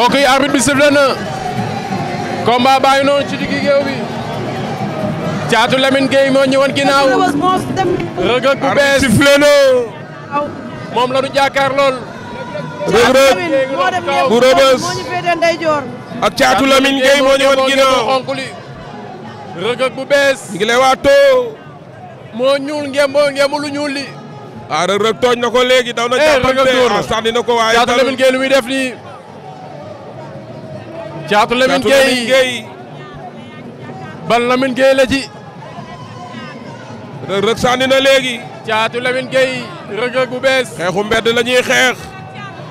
mbokk yi arbitre bi sifflé na combat baa ngi noonu ci diggi géew bi Caatu Lamine Gueye moo ñëwoon ginnaaw Reug Reug bu bees sifflé na moom la ñu jàkkaar lool Reug Reug bu rëbës ak Caatu Lamine Gueye moo ngi lay waatoo moo ñuul ngem moo ngemu lu ñuul li ah Reug tooñ na ko léegi daw na eh, jàppante ah sànni na ko waaye Caatu Lamine Gueye lu muy def nii Caatu Lamine Gueye bal Lamine Gueye la ci. rëg rëg sànni na léegi. Caatu Lamine Gueye rëg rëg bu bees. xeexu mbedd la ñuy xeex.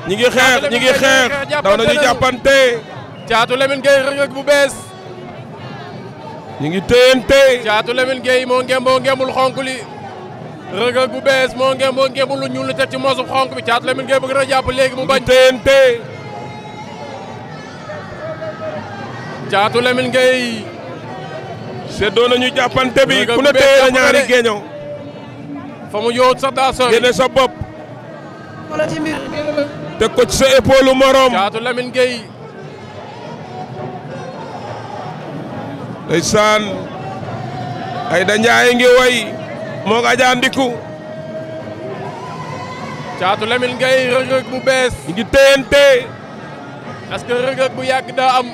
ñi ngi xeex ñi ngi xeex daw nañu jàppante. Caatu Lamine Gueye rëg rëg bu bees. ñi ngi téyante. Caatu Lamine Gueye moo moo ngeemul xonk li. rëg rëg bu bees moo ngeem moo ngeemul lu ñuul li teg ci mosu xonk bi Caatu Lamine Gueye bëgg na jàpp léegi mu bañ. téyante. Caatu Lamine Gueye. seddoo nañu jàppante bi ku ne téye na ñaari géeñoo. fa mu yowut sax daa sori génne sa bopp. ko ci sa épaule morom. Caatu ay da Njaay ngi way moo nga Adja Ndiku. Caatu Lamine Gueye rëg-rëg bu bees. ngi téyante. est-ce que rëg-rëg daa am.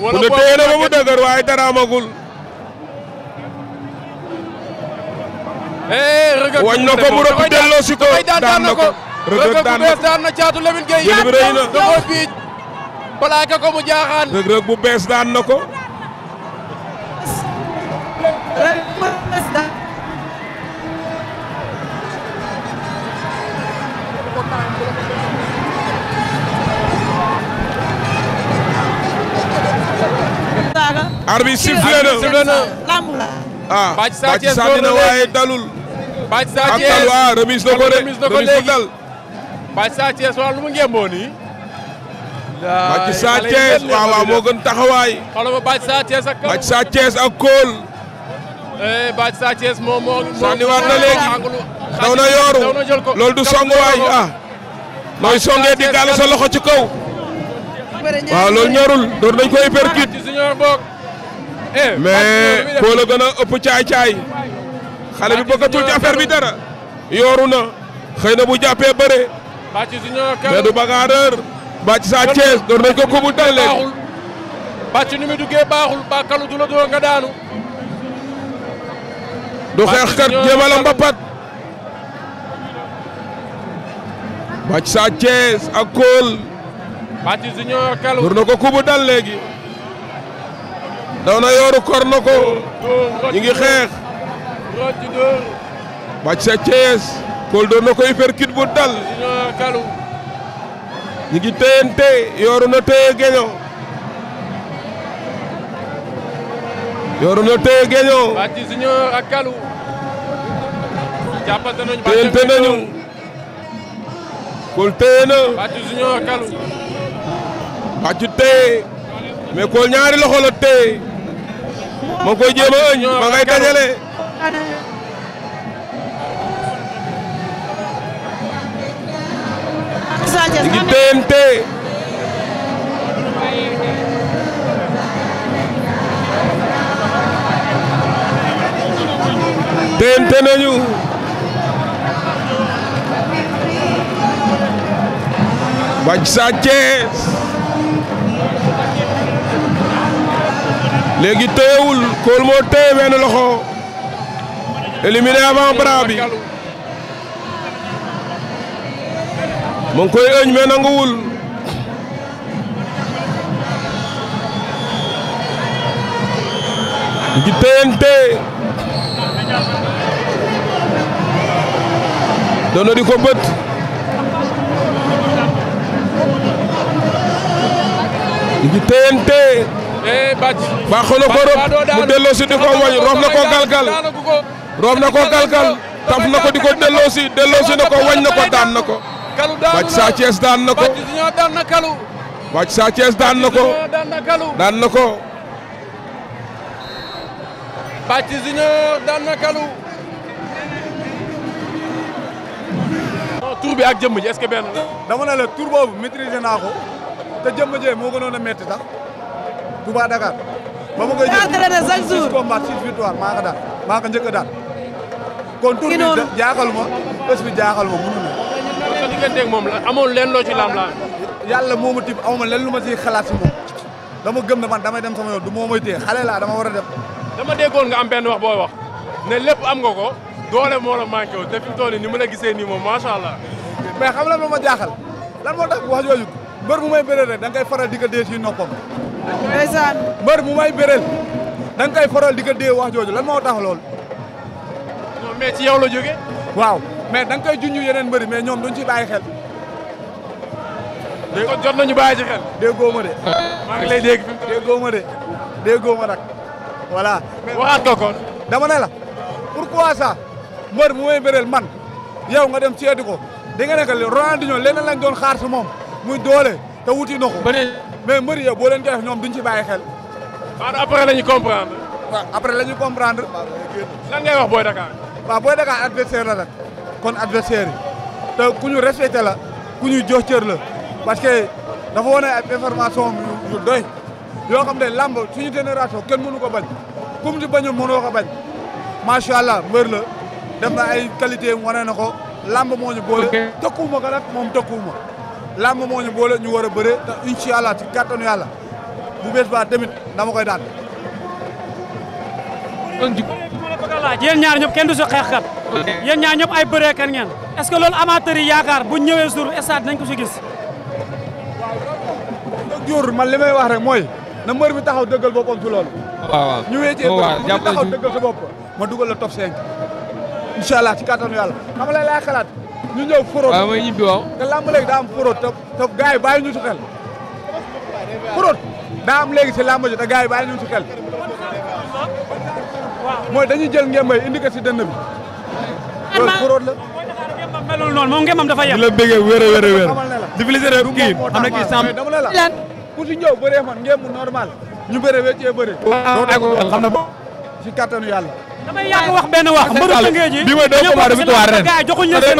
wa boobu téye na ba mu dëgër waaye dara amagul. Eh, rëgg wañ na ko mu rëbb delloo si ko daan daan na ko rëgg daan na caatu Lamine Gueye yàgg na da koo biij plaqué ko mu jaaxaan. rëgg bu bees daan na ko. arbi sifflé na ah Bathie Sarr dina waaye dalul. Bathie Sarr Thiès ak waaw ah, remise na ko de remise bu dal. Bathie Sarr Thiès waaw lu mu ngémboo nii. Bathie Sarr Thiès waaw waaw moo gën taxawaay. xoolal ma Bathie Sarr Thiès ak. Bathie Sarr Thiès ak Kool. Eh, Bathie Sarr Thiès moom moo. sànniwaat na léegi daw na yooru loolu du songuwaay ah. mooy songee di gàll sa loxo ci kaw. waaw loolu ñorul door nañ ko hypercute. Eh, mais koo la ëpp caay-caay xale bi bëggatul ci affaire bi dara yooru na xëy na bu jàppee bëre mais du bagarreur bàcc saa Thiès door nañ ko kubu dal leen baaxul bàkkalu du la door nga daanu du xeexkat jéema la mbapat bàcc saa na ko kubu dal léegi daw na yooru kor na ko ñu ngi xeex bàcc sa Thiès kool doon na ko uppercut bu dal ñu ngi téyante yooru na téye geño yooru na téye geño bàcc na bàcc junior ak kalu bàcc téye mais ñaari loxo la ma koy jéem a ma ngay dajale. ñu ngi TNT. nañu. wàcc Sa léegi téyewul Kool moo téye benn loxo éliminé avant bras bi mu ngi koy ëñ mais nanguwul ngi téyante doon na di ko bët ngi téyante Eh, baaxul ko rëb mu delloosi di ko wañ roof na ko galgal roof na ko galgal taf na ko di ko delloosi delloosi na ko wañ na ko daan na ko. bàcc saa Thiès daan na ko daan na ko bi ak jëmm ji est-ce naa ko te Touba Dakar. ba ma koy jël entraîné chaque maa ko daan maa ko njëkk a daan. kon tur jaaxal ma bés bi jaaxal ma mënu ma. sa digganteeg moom amoon leen loo ci laam laam. yàlla moo ma tibb amu ma leen lu ma ciy xalaat si moom dama gëm na man damay dem sama yoon du moo may téye xale laa dama war a dem. dama déggoon nga am benn wax booy wax ne lépp am nga ko doole moo la manqué woon te fi ni mën a gisee nii moom macha allah. mais xam la ma ma jaaxal lan moo tax wax yooyu mbër bu may bëree rek da ngay faral di ko dee ci noppam ndeysaan mbër mu may bérél da nga koy faral di ko dee jooju lan moo tax lool. non mais ci yow la jóge waaw mais da nga koy junj yeneen mbëri mais ñoom duñ ci bàyyi xel. dégg kon jot nañu bàyyi xel. déggoo ma de. maa ngi lay dégg déggoo ma de déggoo ma nag voilà. waxaat ko kon. dama ne la pourquoi ça mbër mu may bëreel man yow nga dem ci seeti ko di nga ne que Ronaldinho leneen lañ doon xaar moom muy doole te wuti na mais mbëri yow boo leen koy def ñoom ci bàyyi xel. waaw après la ñu comprendre. waaw après la ñu comprendre. lan ngay wax Boy Dakar. waaw Boy Dakar adversaire la nag kon adversaire yi te ku ñu respecté la ku ñu jox cër la parce que dafa wane ay information yu doy yoo xam ne làmb suñu génération kenn mënu ko bañ comme ci bañu mënoo ko bañ macha allah mbër la def na ay qualité wane na ko làmb moo ñu boole. tëkkuwuma ko moom tëkkuwuma. làmb moo ñu boole ñu war a bëre te incha allah ci kàttanu yàlla bu bees ba tamit dama koy daan. kon jub yéen ñaar ñëpp kenn du si xeexkat. yéen ñaar ñëpp ay bëree kan ngeen. est que loolu amateurs yi yaakaar bu ñëwee sur stade nañ ko si gis. waaw Dior man li may wax rek mooy na mbër bi taxaw dëggal boppam ci loolu. waaw waaw ñu wéccee taxaw dëggal sa bopp ma dugal la incha allah ci kattanu yàlla xam nga lay xalaat ñu ñëw forot ah, waaw ñibbi waaw te lamb léegi daa am forot te ñu ci xel forot daa am léegi si lamb ji te gars yi bàyyi ñu ci xel mooy dañuy jël ngembay indi ko si dënn bi loolu forot la melul noonu moom ngembam dafa yem di la bëggee wér a wér a wér di féliciter am na kii sam ku si ñëw bëree man ngemb normal ñu bëree wéccee bëree xam na si kattanu yàlla damay yàgg wax benn wax mbëru tëngee ji bi mooy doo combat de victoire ren joxuñ la seen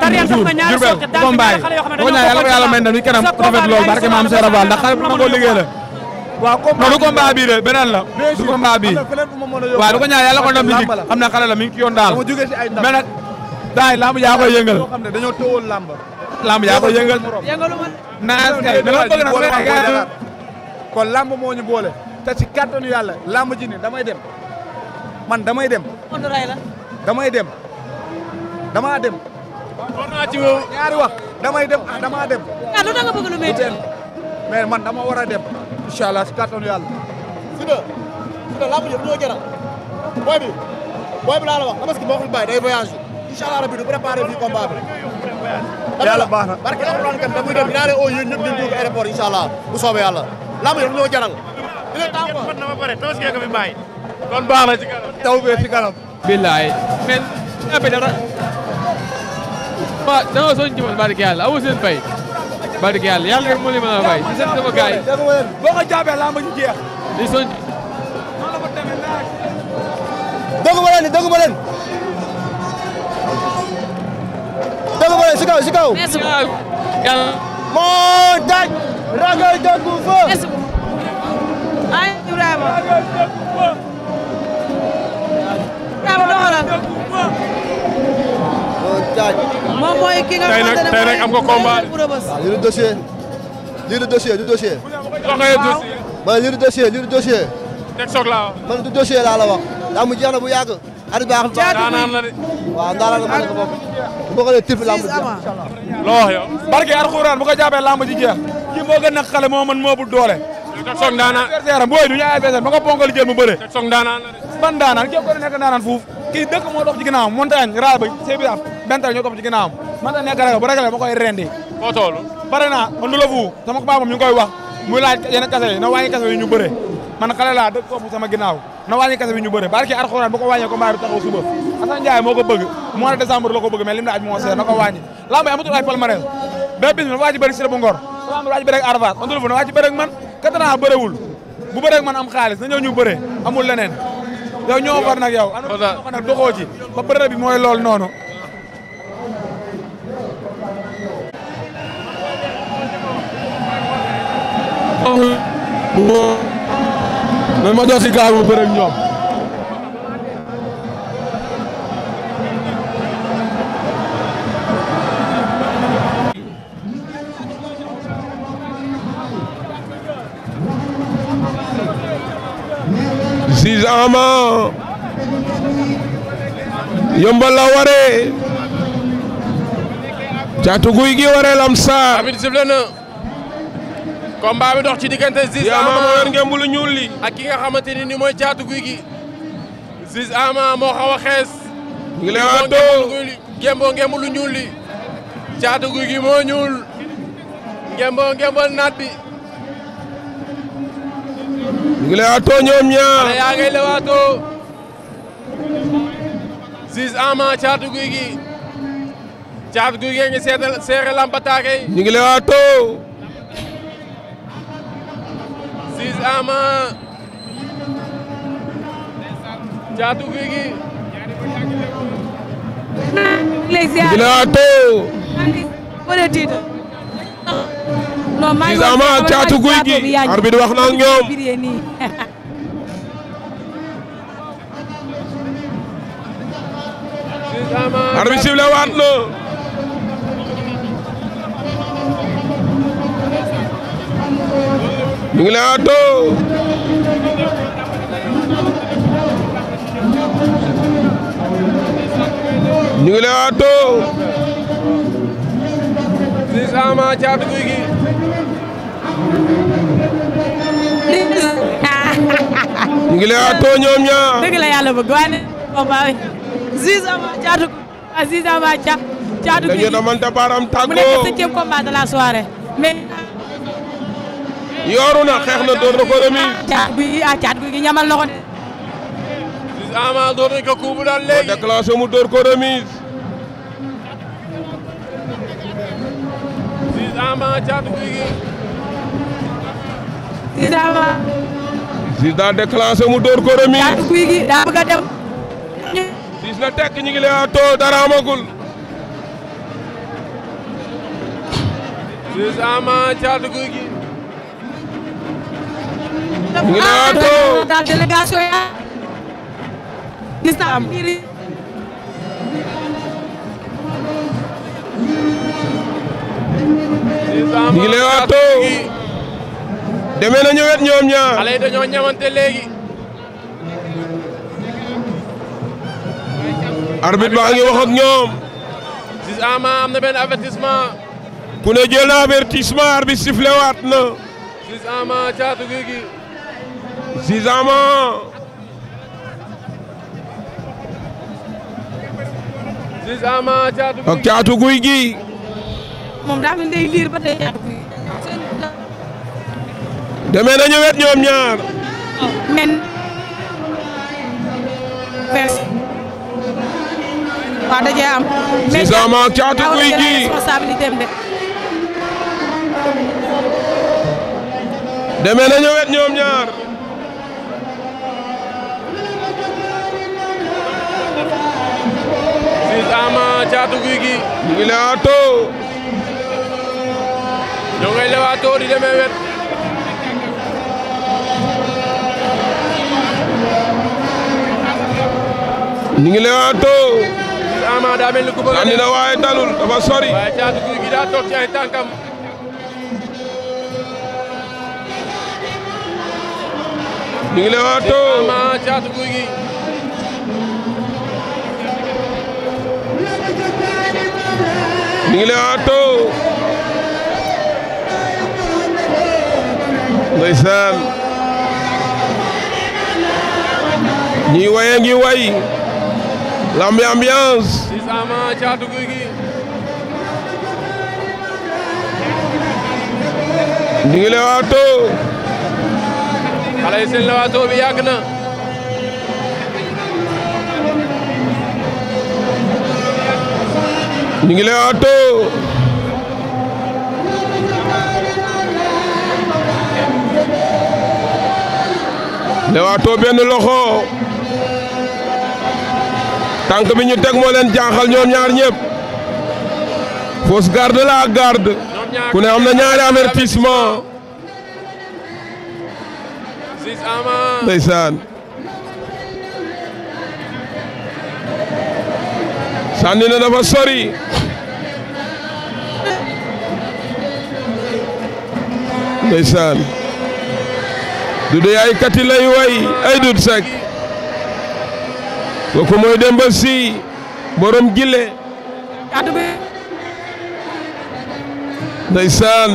tarian sax na ñaari soog daal di xale yoo xam ne dañoo yàlla yàlla may ndam yi kanam rafet lool barke maam Seera Baal ndax ka ma ko liggéey la waaw combat du combat bii de la du combat bii waaw du ko ñaan yàlla ko ndam li jik na xale la mi ngi daal mais daay lamb yaa koy yëngal dañoo tëwoon lamb lamb man damay dem. damay dem damaa dem. war naa ci woo damay dem ah, damaa dem. ah lu tax nga bëgg lu métti mais man dama war a dem. incha allah si kàttanu yàlla. si la si la làmb yëpp ñoo jaral. booy bi booy bi laa la wax parce que bokkul bàyyi day voyage incha allah rabi du préparé fii combat bi. yàlla baax na barke alxuraan kan damuy dem dinaa leen oo yéen ñëpp ñu ko aéroport incha allah bu soobee yàlla làmb yëpp ñoo jaral. dina tàngoor man na ma pare tabaski nga kon baax na ci billaay mais nawet dara. waaw da nga soog ñu barke yàlla amul seen barke yàlla yàlla rek moo leen mën a fay di sant sama gars yi. jaabee laa ma ñu di soog. dëggu ma leen ni dëggu moo daj. ragal dëggu fa. merci Diagne. moom mooy ki nga xamante ne tey nag tey nag am nga combat. waaw ah, lii du dossier lii du dossier du dossier. waxee dossier. man lii du dossier lii du dossier. teg soog laa wax. man du bu yàgg. ari baaxul baax daanaan la de. waaw daanaan la mën na ko bopp. bu ko xoolee tirfi lamb ji incha allah. loo wax yow. barke alxuraan bu ko jàppee lamb moo gën a moo mën moo bu doole. teg soog daanaan adversaire am booy du ñu adversaire ba ko ponkal jël mu bëre. teg soog daanaan la ban daanaan képp ku nekk daanaan fuuf. kii dëkk moo dox ci ginnaaw montagne raay ba c'est bental ñoo topp ci ginnaawam man da nekk ragal bu ragalee ma koy rendi bare naa man du la fu sama ko ñu koy wax muy laaj yenn kase na wàññi kase yi ñu bëre man xale laa dëkk topp sama na wàññi kase bi ñu bëre barki alxuraan bu ko wàññee ko mbaay du taxaw suba Assane moo ko bëgg mois de décembre la bëgg mais lim la aj na ko wàññi lamb yi amatul ay palmarès bé bis na waa ji bëri si bu ngor lamb waa ji bëri ak fu na waa bu ma doon si gaaw ma bëre Ama yombal la waree caatu guy gi waree lamsaar. combat bi dox ci diggante Ziz Ama moo yor ngemb lu ñuul li ak ki nga xamante ni ni mooy caatu guy gi Ziz Ama moo xa a xees ñu ngi lay ngemb lu ñuul li caatu guy gi moo ñuul ngemboo ngembal naat bi ñu ngi lay waatoo ñoom ñaar yaa ngay lay waatoo Ziz Ama caatu guy gi caatu guy gi ngi seetal seere lampataake ñu ngi lay siis Ama Caatu gi siis Ama wax na ak ñu ngi lewaatoo ñu ngi lewaatoo Ziz Ama Caatu Guy gi ñu ngi lewaatoo ñoom ñaar dëgg la yàlla bëgg waane combat bi Ziz Ama Caatu Guy Ziz ah, Ama Caatu Guy dañu damante baram tàggoo mu nekk septième combat de la soirée mais yooru na xeex na door ko remis. caat guy gi ah caat guy gi ñamal na ko de. Ziz ko coup bu mu door ko remis. caat guy gi. daa déclenché dem. Ziz la tekk ñu ngi lay atoo dara ñu ngi leewaatoo ah, daal délégation yaa gis naa am ñu ngi leewaatoo demee na ñëwet baa ngi wax ak ñoom Ziz am na benn avertissement ku ne jël avertissement arbitre sifflé waat na Ziz Ama Thiatou Gouy Zizama Zizama Caatu Guy ak Caatu moom daa mel day ba tey. demee nañu wet ñoom ñaar. men. fees. waaw dajee am. Zizama ak Caatu Guy gi demee wet ñoom ñaar. Ama Caatu gi. ñu di demee ngi leewaatoo. Ama daa mel ni ku na waaye dalul dafa sori. waaye Caatu daa toog ci ay tànkam. ñu ngi leewaatoo Ama Caatu ñu ngi lay waatoo ndeysaan ñuy waye ngi way lambi ambiance Ciss Ama Caatu Guy gi ñu ngi lay waatoo xale yi seen la waatoo bi yàgg na ñu ngi lay ato lewaatoo benn loxo tànk bi ñu teg moo leen jaaxal ñoom ñaar ñëpp fausse garde la ak garde ku ne am na ñaari avertissement ndeysaan sànni na dafa sori ndeysaan du dee ay kati lay way ay dut sek kooku mooy Demba Sy borom gile ndeysaan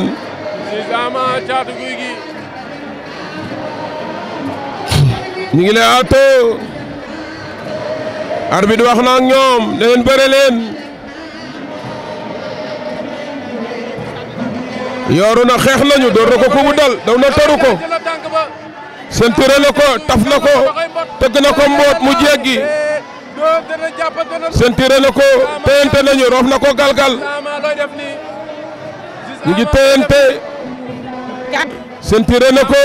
ñu ngi lay aatoo arbitre wax na ak ñoom ne leen bëre leen yooru na xeex nañu door na ko kubu dal daw na taru ko sentere na ko taf na ko tëgg na ko mboot mu jéggi sentere na ko téyante nañu roof na ko galgal ñu ngi téyante sentere na ko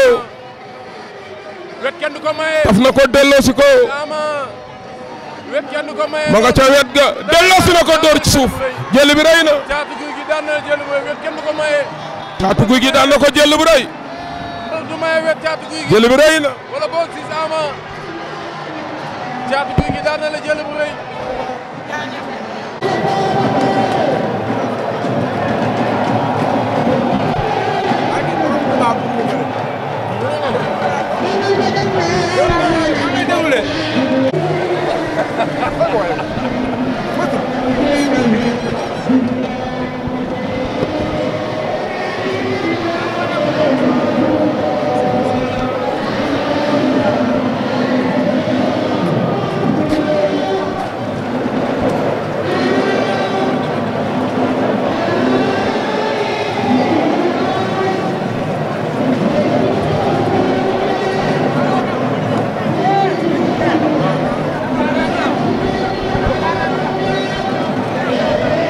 taf na ko delloosi ko ma nga ca wet ga delloo si na ko dóor ci jël bi rëy na daan na ko jël bu jël bi February.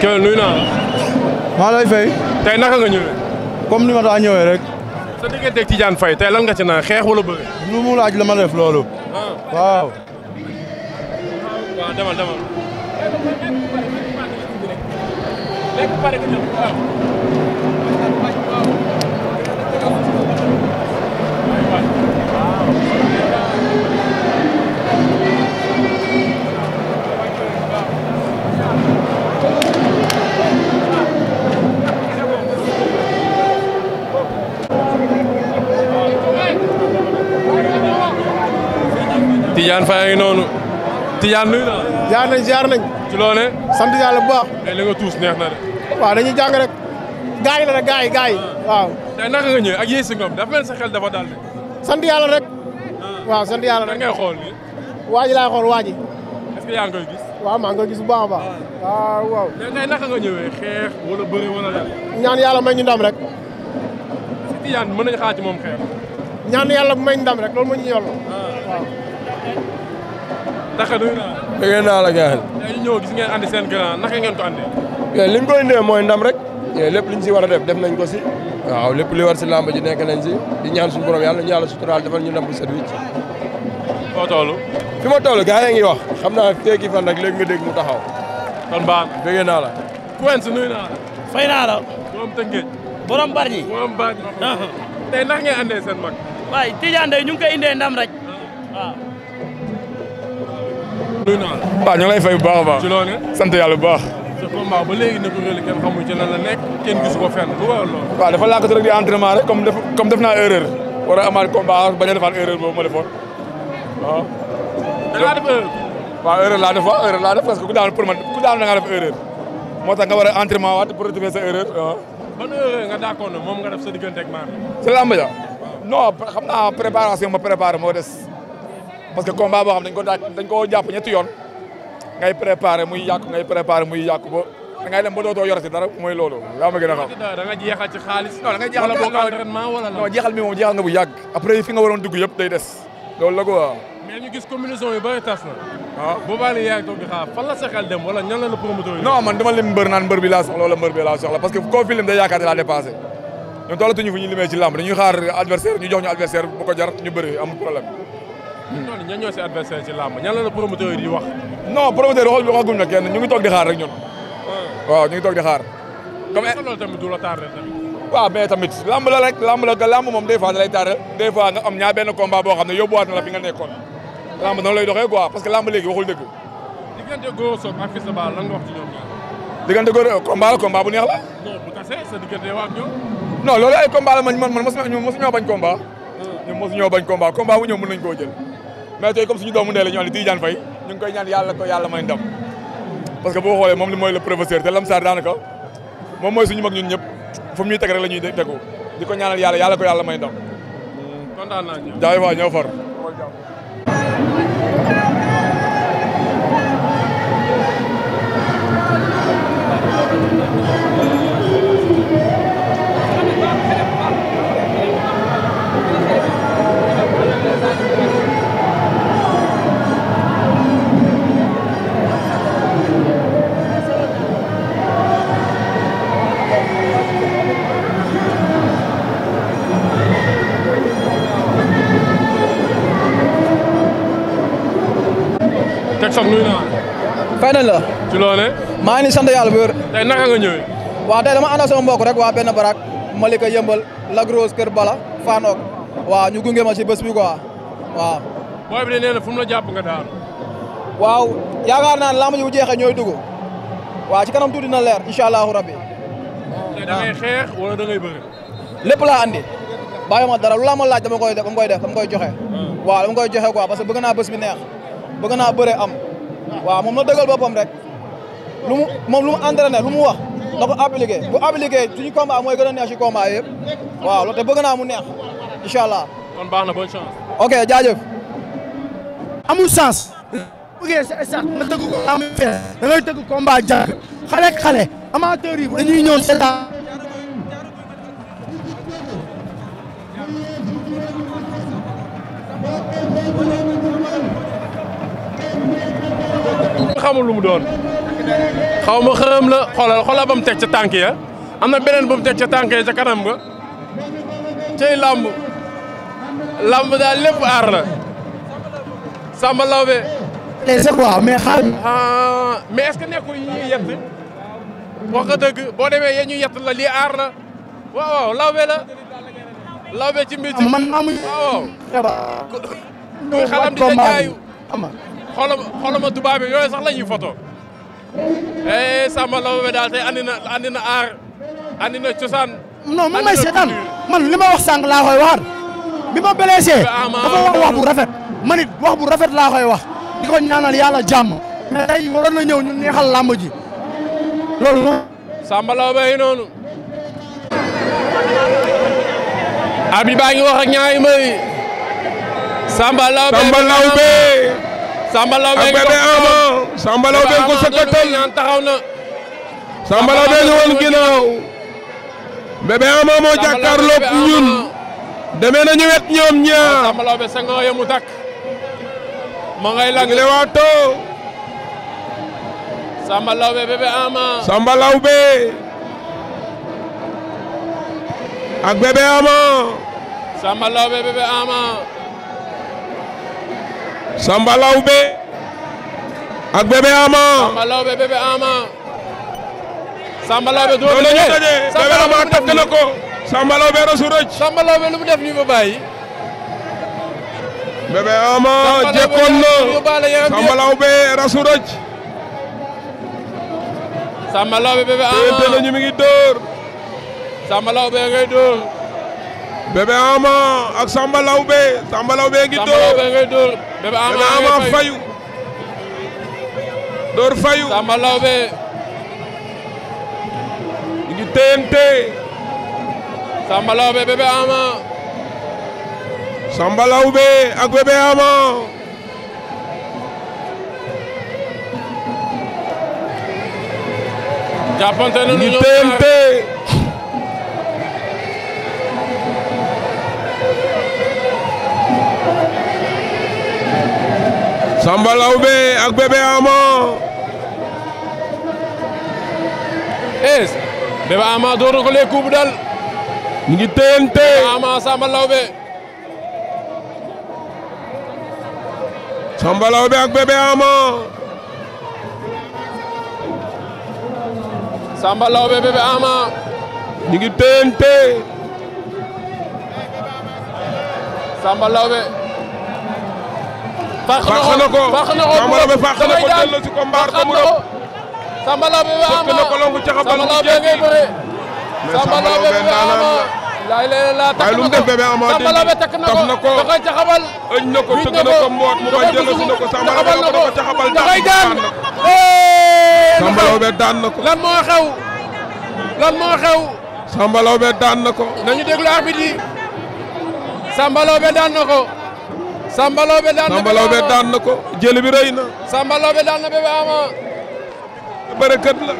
Keweul nuyu naa la. maa lay fay. naka nga ñëwee. comme ni ma daa ñëwee rek. sa digganteeg Tidiane Faye tey lan nga ci naan xeex wala bëgg. lu mu la ma def loolu. Ah. waaw. waaw Tidiane Faye a ngi noonu Tidiane nuyu naa. jaar nañ jaar nañ. ci loone bu baax. tey eh, li nga tuus neex na de. waaw dañuy rek. gaay yi la rek gaay yi gaay yi waaw. tey naka nga ñëwee ak yéen si ngoom dafa mel sa xel dafa rek. Ah. waaw sant yàlla rek ngay xool nii. waa ji laay xool waa ji. est-ce que yaa ngi koy gis. waaw maa ngi gis bu baax a baax. Ah. waaw waaw. mais tey naka nga ñëwee xeex wala bëri wala lan. ñaan yàlla may ñu ndam rek. si Tidiane mën nañu xaar moom xeex. ñaan yàlla bu may ñu ndam rek loolu moo ñu yollu naka nuyu naa. dëgg naa la gars yi. ñëw gis ngeen andi seen grand naka ngeen ko andi. li ñu koy indee mooy ndam rek lépp li ñu si war a def def nañ ko si. waaw lépp li war si làmb ji nekk nañ si di ñaan suñu borom yàlla ñu yàlla suturaal defal ñu ndam bu set wicc. foo fi ma toll gars yi ngi wa xam naa feegi fan rek léegi nga dégg mu taxaw. kon baax na dëgg naa la. Quench nuyu la. fay naa la. borom Tëngéej. borom Bargny. borom Bargny. Ah. tey ndax ngeen andee seen mag. waay Tidiane de ñu ngi indee ndam rek ah. Ah. nuyu naa lay fay bu baax a baax. ci loolu sant bu baax. sa combat ba léegi kenn xamul ci lan la nekk kenn gisu ko fenn lu waral loolu. waaw dafa laakatu rek di entraînement rek comme def naa erreur war a amaat combat bañ a defaat ma defoon waaw. da laa def waaw erreur laa def parce que ku daan pour man ku daan da ngaa def erreur moo tax nga war a entraînement waat pour retrouver sa erreur waaw. ban erreur non xam naa préparation ma préparé moo des. parce que combat boo xam dañ ko daaj dañ ngay préparé muy yàqu ngay préparé muy yàqu ngay dem ba dootoo yore si dara mooy loolu yaa ma gën a xam. da nga jeexal ci xaalis. non da nga jeexal wala non jeexal mi ko waaw. mais ñu la yaa ngi toog di xaar fan la sa adversaire ñu jox adversaire bu ko jar ñu ñu noonu ñan ñoo si adversaire ci làmb ñan la la promoteur yi di wax. ñu ngi toog di xaar ah. ñu ngi toog di xaar. comme est loolu tamit du la tardé tamit. waaw la rek làmb la làmb moom benn combat boo xam ne yóbbuwaat na la fi nga nekkoon. làmb noonu lay doxee quoi parce que làmb léegi waxul dëgg. diggante Gora Sock ak Fils la combat bu neex la. non bu tase sa diggante waa ak ñoom. non loolu ay combat la man man mosu ñoo bañ combat. Ah. ñoom mosu ñoo bañ combat combat koo jël mais tey comme suñu doomu ndey la ñu wax ne Tidiane Faye ñu ngi koy ñaan yàlla ko yàlla may parce que boo xoolee moom li mooy la professeur te Lamsar daanaka moom mooy suñu mag ñun ñëpp fu mu ñuy teg rek la ñuy tegu di ko ñaanal yàlla yàlla ko yàlla may ndam mm, kontaan naa ñëw jaay waa far fay nañ la. maa ngi nii sant yàlla bu wér. tey naka nga ñëwee. waaw tey dama ànd ak sama mbokk rek waa benn barak Malika yëmbal Lagrosse Kër Bala Fanok waaw ñu gunge ma ci bés bi quoi waaw. booy bi de nee na fu mu la jàpp nga daal. waaw yaakaar naa ne làmb ji bu jeexee ñooy dugg waaw ci kanam tuuti na leer incha allahu rabbi. waaw da ngay xeex wala da ngay bëri. lépp andi bàyyi dara lu la ma laaj dama koy def dama koy def dama koy joxe. Ah. waaw dama koy joxe quoi parce que bëgg naa bés bi bëgg naa bëre am. waaw moom na dëggal boppam rek lu mu moom lu mu entraîné lu mu wax na ko appliqué bu appliqué suñu combat mooy gën a neex ci combat yëpp waaw te bëgg naa mu neex incha allah. kon baax na bonne bu bëggee sa stade nga tëgg ko amul fees da ngay tëgg combat jàng xale ak xale xamul lu mu doon xaw ma la xoolal xoolal ba mu teg ca tànk ya am na beneen ba mu teg ca tànk ya ca kanam nga cey làmb làmb daal lépp aar la Samba Lawbe les quoi mais xaar mais est-ce que nekkul yi ñuy yett wax nga boo demee yee ñu yett la lii aar la waaw waaw Lawbe la Lawbe ci mbir ci man amuñu waaw waaw kuy xalam di sa xoola xoolama tubaab yooyu sax lañuy foto eh Samba Laobé daal tey andi aar andi cosaan. non man may seetaan man li ma wax sànq laa koy bi ma blessé dafa wax wax bu rafet man wax bu rafet laa wax di ko ñaanal yàlla jàmm. mais tey waroon na ñëw ñu neexal làmb ji loolu noonu. Samba noonu. abi baa ngi wax ak ñaari mbéy. Samba Samba Laobé Ama Samba Laobé ko sëkkatal taxaw na Samba Laobé ñu Ama moo jàkkaarloog ñun demee nañu wet ñoom ñaar Samba Laobé mu takk Samba Lawbe ak Bébé Ama Samba Lawbe Bébé Ama Samba Lawbe doo daje Bébé na ko rasu rëcc Samba Lawbe lu mu ba bàyyi Bébé Ama jekkoon na Samba Lawbe rasu rëcc Samba Lawbe Bébé Ama téete nañu mi ngi dóor Samba Lawbe ngay dóor Bébé Ama ak Samba Lawbe Samba Lawbe ngi dóor Bébé Ama fayu dóor fayu Samba Lawbe ngi téyante Samba Lawbe Bébé Ama Samba Lawbe ak Bébé Ama jàppante nañu ñoom ngi téyante Samba Laobé ak Bébé Ama eh Bébé Ama door lee kuubu dal ñu ngi téyante Bébé Ama Samba Laobé Samba Laobé ak Bébé Ama Samba Laobé Bébé Ama ñu ngi téyante Samba Laobé fàq na ko fàq na ko fàq na ko delloo si ko mbaar ko rëb. Samba Laobé Ama fàq na ko lonku laa takk na ko waaye lu mu def bébé Ama dégg nga taf na ko da koy caxabal. ëñ na ko tëgg na ko mboot mu bañ delloo na ko Samba Laobé da da koy daan na ko. lan moo xew lan moo daan na ko. nañu déglu arbitre yi Samba Laobé daan na ko. Samba Laobé daan ko jël bi rëy na. Samba Laobé daan na Bébé Ama. bërëkkat la.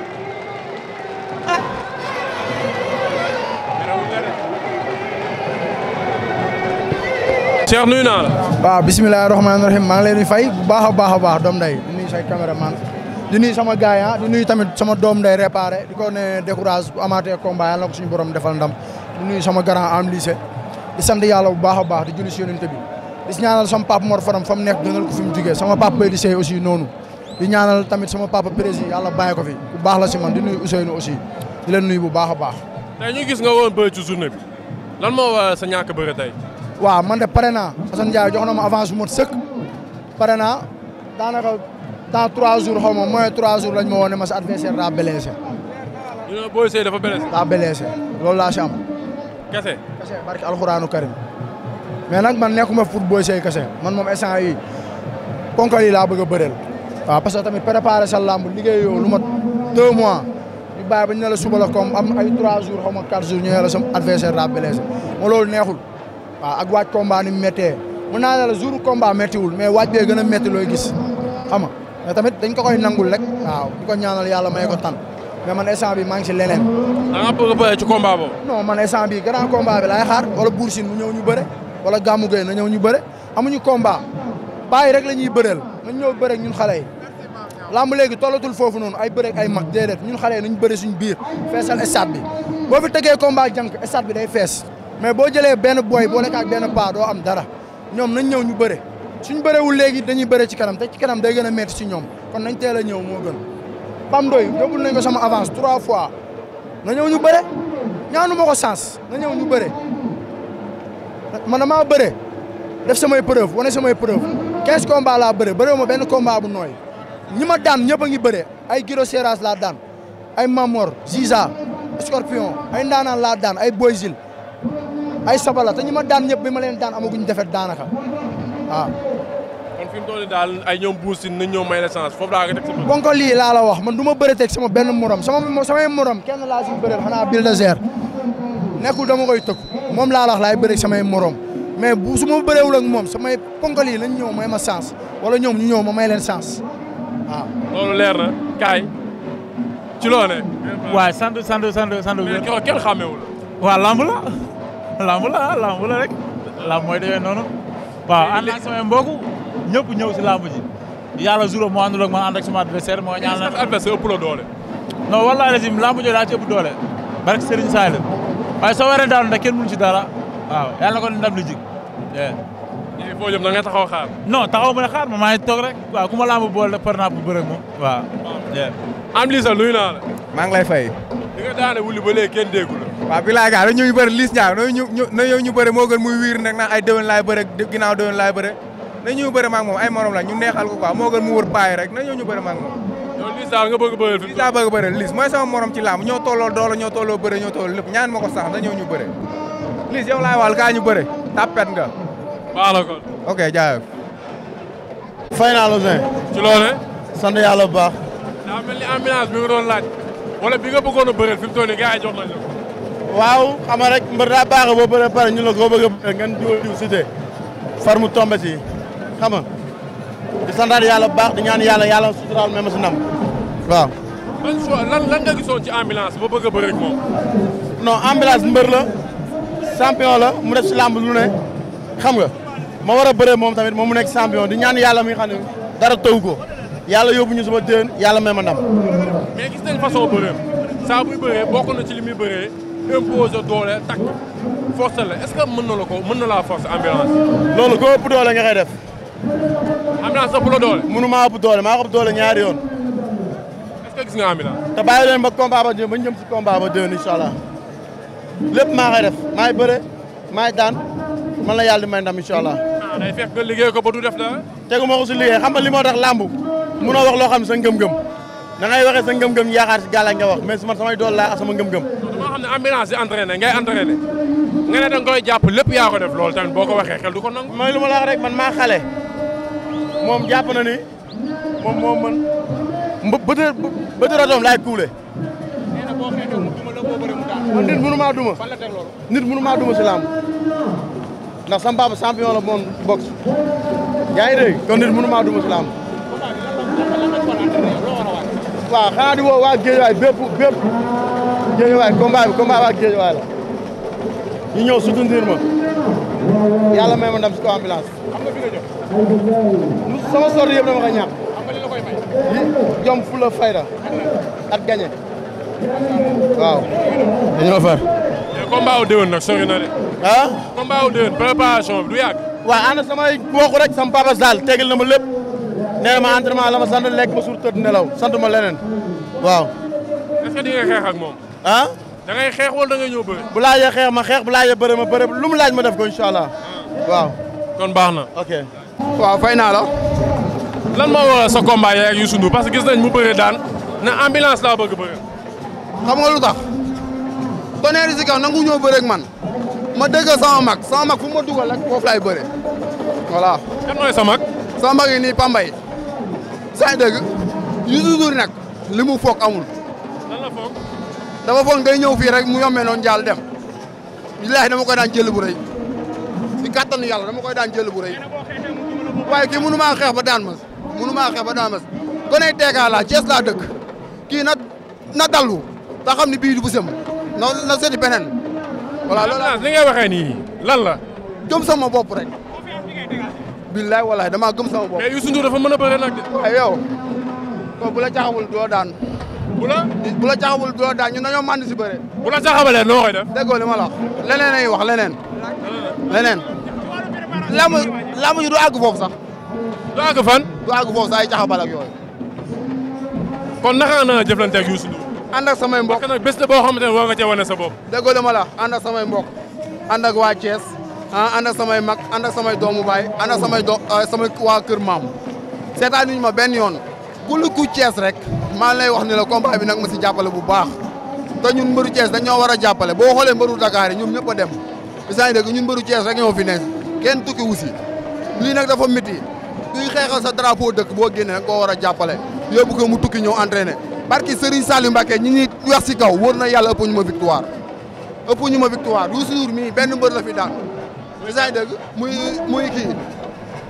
Cheikh naa la. waaw bisimilah rahmaani rahiim maa leen di fay bu baax a baax a baax doom day di nuyu say caméraman di nuyu sama gaay ah di nuyu tamit sama doom day réparé di ko ne décourage bu amaatee combat yàlla na ko suñu borom defal ndam di nuyu sama grand am lycée di sant yàlla bu baax a baax di julli si yonent di ñaanal sama papa Mor Faram fa mu nekk gënal ko fi mu jugee sama papa Baye di Seye aussi noonu di ñaanal tamit sama papa président yàlla bàyyi ko fi bu baax la si man di nuyu Ousseynou aussi di leen nuyu bu baax a baax. tey ñu gis nga woon bëri ci journée bi lan moo waral sa ñàkk bëri tey. waaw man de pare naa Assane Ndiaye jox na ma avance bu mot sëkk pare naa daanaka dans trois jours xaw ma moins trois jour lañ ma woo ma sa adversaire daa blessé. ñu dafa blessé. daa blessé loolu laa si am. kese. kese mais nag man nekkuma pour Boy Seye kese man moom instant yi ponkal yi laa bëgg a bëreel que tamit préparé sa làmb liggéey yow lu mat deux mois ñu bàyyi ba ñu la suba la comme am ay trois jours xaw ma quatre jours ñu ne la sam adversaire daa neexul waaw ak waaj combat ni mu méttee mën naa ne la jour combat méttiwul mais waaj bee gën a métti looy tamit dañ ko koy nangul rek waaw di ko yàlla may ko tan mais man instant bi maa ngi si leneen. da a bëre ci combat ñu bëre. wala Gamou gay na ñëw ñu bëre amuñu combat bàyyi rek la ñuy bëreel nañ ñëw bëre ñun xale yi lamb léegi tollatul foofu noonu ay bëre ay mag déedéet ñun xale yi nañ bëre suñu biir feesal stade bi boo fi tëggee combat jank stade bi day fees mais boo jëlee benn booy boo lekk ak benn paa doo am dara ñoom nañ ñëw ñu bëre suñ bërewul léegi dañuy bëre ci kanam te ci kanam day gën a métti ci ñoom kon nañ teel a ñëw moo gën pam doy yóbbul nañ ko sama avance trois fois na ñëw ñu bëre ñaanu ma ko sens na ñëw ñu bëre man maa bëre def sama preuve wane samay preuve 15 combats laa bëre bëre ma benn combat bu nooy ñi ma daan ñëpp a ngi bëre ay Giro Seras laa daan ay Mamor Ziza Scorpion ay Ndaanaan laa daan ay Boyzil ay Sabala te ñi ma daan ñëpp bi ma leen daan amaguñ defet daanaka waaw. kon fi ay ñoom buusin nañ ñoom may la chance foofu laa ko teg sama. lii laa la wax man du ma bëre teg sama benn morom sama samay morom kenn laa si bëreel xanaa Bulldozer nekkul dama koy tëkku. moom laa la wax laay bëre samay morom mais bu su ma bëreewul ak moom samay ponkal yi lañ ñëw may ma sens wala ñoom ñu ñëw ma may leen sens waaw. loolu leer na kaay ci ne. waaw sant sant sant sant. mais keroog kenn xàmmeewul. waaw lamb la lamb la ah lamb la rek lamb mooy demee noonu. waaw ànd samay mbokk ñëpp ñëw si lamb ji. yàlla juro moo àndul ak man ànd ak sama adversaire moo ñaan na. adversaire ëpp la doole. non wallaahi lazim lamb jooju daa ci ëpp doole. barke waaye soo waree daanu nag kenn mënu ci dara waaw yàlla na ko ndam lu jig léegi foo jëm na nga taxaw xaar. non taxaw ma ne xaar ma maa ngi toog rek. ku ma làmb boole par exemple bu bëre moom waaw. am lii sax nuyu naa la. maa ngi lay fay. di nga daane wuli ba léegi kenn ñu bëri liis ñaaw ñu ñu na yow ñu moo gën muy wiir nag naan ay déwén laay bëre ginnaaw déwén laay bëre na ñu bëri ma ak moom ay morom la ñu neexal ko quoi moo gën mu wër paay na ñëw ñu bëri ma ak Liss daal nga bëgg a bëreel. Liss laa bëgg a bëreel Liss mooy sama morom ci làmb ñoo tolloo doole ñoo tolloo bëre ñoo tolloo lépp ñaan ma ko sax dañoo ñu bëre Liss yow laay waxal kaa ñu bëre tàppet nga. baax na kon. ok jaayef. fay ci loone sant yàlla bu baax. daa mel ni ambulance bi nga doon a bëreel fi mu toll nii gars yi baax di ñaan yàlla yàlla waaw. ban choix lan lan nga gisoon ci ambulance ba bëgg a bëri ak moom. non ambulance mbër la champion la mu de si làmb lu ne xam nga ma war a bëree moom tamit moom mu nekk champion di ñaan yàlla mi nga xam ne dara taw ko yàlla yóbbu ñu suba déwén yàlla may ma ndam. mais gis nañ façon bëreem saa buy bëree na ci li muy bëree imposer doole takk force la que mën na la ko mën na laa force ambulance. loolu ko ëpp doole nga koy def. ambulance ëpp la doole. mënu maa ëpp doole maa ko ëpp doole ñaari yoon. te gis nga Amina. te bàyyi leen ba combat ba ba ñu jëm si combat ba déwén incha lépp maa def maay bëre maay daan man la yàlla di may ndam incha allah. ah day fekk nga ma ko si liggéey xam nga li moo sa ngëm-ngëm da ngay waxee sa ngëm-ngëm yaakaar si gàllankoor nga wax mais su man samay dool laa sama ngëm-ngëm. moo xam ne ambulance di entraîné nga ne da nga koy jàpp lépp yaa ko def loolu tamit boo ko waxee xel du ko nangu. mooy lu ma rek man maa bëtu radoom laay kuule. nee na maa duma. nit mënu maa duma si làmb ndax sama la moom box yaa ngi dégg maa duma si làmb. waaw woo waa Géejawaay bépp bépp Géejawaay combat bi waa Géejawaay la ñu ñëw ma yàlla may ma ndam si ko ambulance. xam nga fi nga jëm. koy may. jom fula fayda ak gañe waaw. dañoo far. mais combat ah? samay mbokk rek sama papa daal tegal na ma lépp nee ma entraînement la ma sant lekk ba suur tëdd nelaw sant ma leneen waaw. est-ce que di xeex ah? bu laajee xeex ma xeex bu laajee bëri ma bëri lu laaj ma def ko incha allah ah. waaw. kon baax na. waaw fay lan moo waral sa combat yaay ak Youssou Ndour parce gis nañ mu bëre na ambulance laa bëgg bëre. xam nga lu tax tonnerre si kaw nangu ñoo bëre ak man ma dégg sama mag sama mag fu ma dugal rek foofu laay bëre voilà. kan mooy sama mag yi nii Pambay. saa dëgg Youssou Ndour nag li mu foog amul. lan dafa foog ngay ñëw fii rek mu yombee noonu jaal dem. billaahi dama koy daan jël bu si kattanu yàlla dama koy daan jël bu rëy waaye kii mënu maa xeex ba daan ma. munu ma xeeb ba daa mas goney teekaa laa Thiès laa dëkk kii na na dallu ta xam ne bii du bu sëm na na seeti beneen voilà loolu li ngay waxee nii lan la gëm sama bopp rek billaay walaay damaa gëm sama bopp mais Youssou Ndour dafa mën a de waaye ko bu la caxawul doo daan bu la bu la caxawul doo daan ñun dañoo mànd si bëre bu la caxawalee de koy def déggoo li ma la wax leneen ay wax leneen leneen lamb lamb du àgg foofu sax du àgg fan. du àgg foofu saa yi caxabal ak yooyu. kon naka nga jëflante ak Youssou Ndour. ànd ak samay mbok parce que nag bés la boo xamante ne war nga cee wane sa bopp. déggoo dama la ànd ak samay mbokk ànd ak waa Thiès ah ànd samay mag ànd samay doomu baay ànd ak samay do ah, samay waa kër maam seetaan nañu ma benn yoon ku cees Thiès rek maa lay wax ni la combat bi nag ma si jàppale bu baax te ñun mbëru Thiès dañoo war a jàppale boo xoolee mbëru Dakar yi ñoom ñëpp a dem bisaa ngi ñun mbëru Thiès rek ñoo fi nekk kenn tukki wusi lii nag dafa métti kuy xeexal sa drapeau dëkk boo génnee nga koo war a jàppale yóbbu mu tukki ñëw entraîné barki Serigne Saliou Mbacké ñi ñuy wax si kaw wóor na yàlla ëpp ñu ma victoire ëpp ñu ma victoire Youssou Ndour mii benn mbër la fi daan yaa dëgg muy muy kii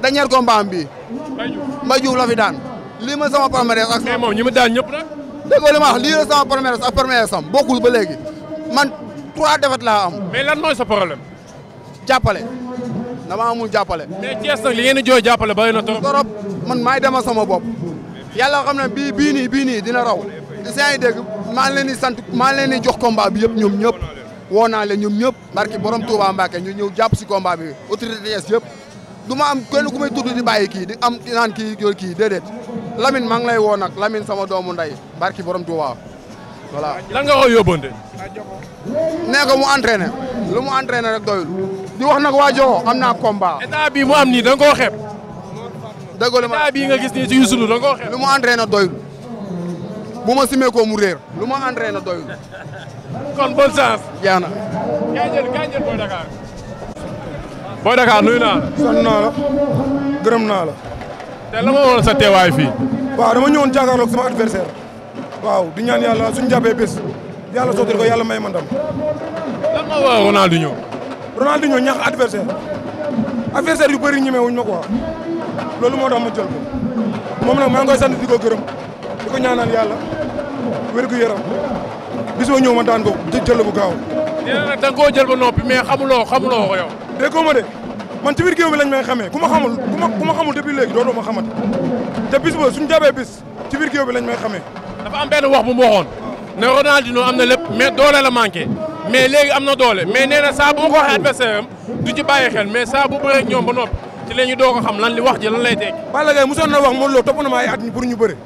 dernier combat bi Mbaye Diouf la fi daan lii ma sama palmarès ak. mais moom ñi ma daan ñëpp nag. déggoo li ma wax lii la sama palmarès ak palmarès am bokkul ba léegi man trois défaites laa am. mais lan mooy jàppale. dama amul jàppale. mais Thiès nag li ngeen di jooy jàppale bàyyi na trop. man maay demal sama bopp yàlla xam ne bii bii nii bii nii dina raw di saa dégg maa ngi leen di sant maa ngi leen di jox combat bi yëpp ñoom ñëpp woo naa leen ñoom ñëpp barki borom Touba Mbacke ñu ñëw jàpp si combat bi autorité Thiès yëpp du ma am kenn ku may tudd di bàyyi kii di am di naan kii kii déedéet Lamine maa ngi lay woo nag Lamine sama doomu nday barki borom Touba. voilà lan nga ko yóbbante. nee ko mu entraîné lu mu entraîné rek doyul. di wax nag waa Jokalante am naa combat. état bi mu am nii da nga koo xeeb. dëgg la ma gis nii ci Youssou Ndour lu mu entraîné doyul bu ma simee ko mu réer lu ma entraîné doyul. kon bonne chance. naa la. naa la gërëm naa la. te la ma sa teewaay fii. waaw dama ñëwoon jàkkaarloog sama adversaire. waaw di ñaan yàlla suñu jàppee bés yàlla sottil ko yàlla may ma ndam. lan moo waral Ronaldinho. Ronaldinho ñax adversaire adversaire yu bëri ñemewuñ ma quoi loolu moo tax ma jël ko na nag maa ngi koy sant di ko gërëm di ko ñaanal yàlla wér gu yaram bis ma ñëw ma daan ko jël bu gaaw. nee na nag da nga koo jël ba noppi mais xamuloo xamuloo ko yow. déggoo ma de man ci biir géew bi lañ may xamee ku ma xamul ku ma ku ma xamul depuis léegi dootoo ma xamat te bis ba suñu jàppee bis ci biir géew bi lañ may xamee. dafa am benn wax bu mu waxoon ne Ronaldinho am na lépp mais doole la manqué mais léegi am na doole mais nee na saa bu ma ko waxee adversaire am du ci bàyyi xel mais saa bu bëree ñoom ba noppi ci la ñu xam lan li wax ji lan lay teg. Balla Gaye mosoon na wax Modou Lo topp na ma ay at pour ñu bëre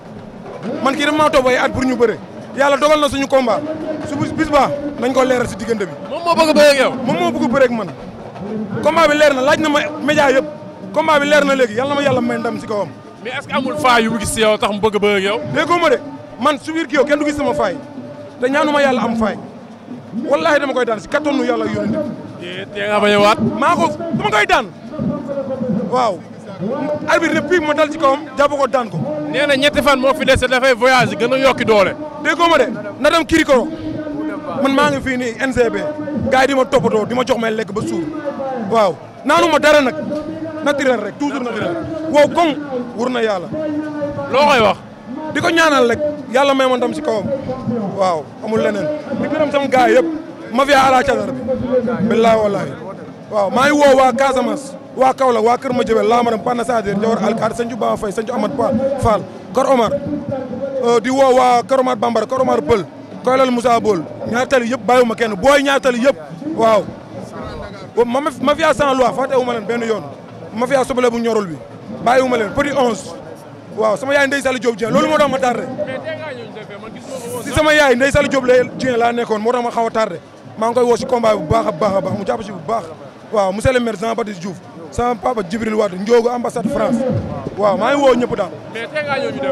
man kii dafa maa topp at pour ñu bëre yàlla dogal na suñu combat su bis ba nañ ko leeral si diggante bi. moom moo bëgg a bëre a man combat bi leer na laaj na ma média yëpp combat bi leer na léegi yàlla na ma yàlla may ndam si kawam. mais est-ce mu tax mu bëgg a bëre ak yow. ma man su biir géew kenn du gis sama faay te ñaanuma yàlla am faay wallaahi dama koy daan si kattanu yàlla ak yonent bi. nga bañ a waat. maa ko dama koy daan waaw. arbitre ne ma dal ci kawam jàpp ko daan ko. nee na ñetti fan moo fi dese dafay voyage gën a yokki doole. déggoo ma na dem kirikoro man maa ngi fii nii NCB gars yi di ma toppatoo di ma jox may lekk ba suur waaw naanu ma dara nag naturel rek toujours naturel wow koŋ wur na yàlla. loo koy wax. di ko ñaanal rek. yàlla may ma ndam si kawam waaw amul leneen di gërëm sama gars yëpp mafia ala cadar bi billaay waaw maa ngi woo waa Casamance waa Kaolack waa Kër Madiabel Lamaram Panna Sadir Ndiawar Alkaar Sanju Ba Faye Sanju Amad Pa Fall Kor Omar euh, di woo waa Kor Omar Bambara Kor Omar Pël Koylal Moussa ñaar tali yëpp bàyyiwuma kenn booy ñaar tali yëpp waaw mafia sans loi fàttewuma leen benn yoon mafia sobale bu ñorul bi bàyyiwuma leen petit onze waaw sama yaay Ndeye Sall sama yaay Ndeye Sall Diop la jien laa nekkoon moo tax ma xaw a tardé maa ngi koy woo si combat bu baax a baax a baax mu jàpp si bu baax waaw monsieur le maire Jean Baptiste Diouf sama papa Djibril Wade Ndiogo ambassade France waaw maa ngi woo ñëpp daal. mais tey ñu def.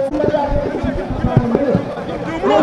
waaw.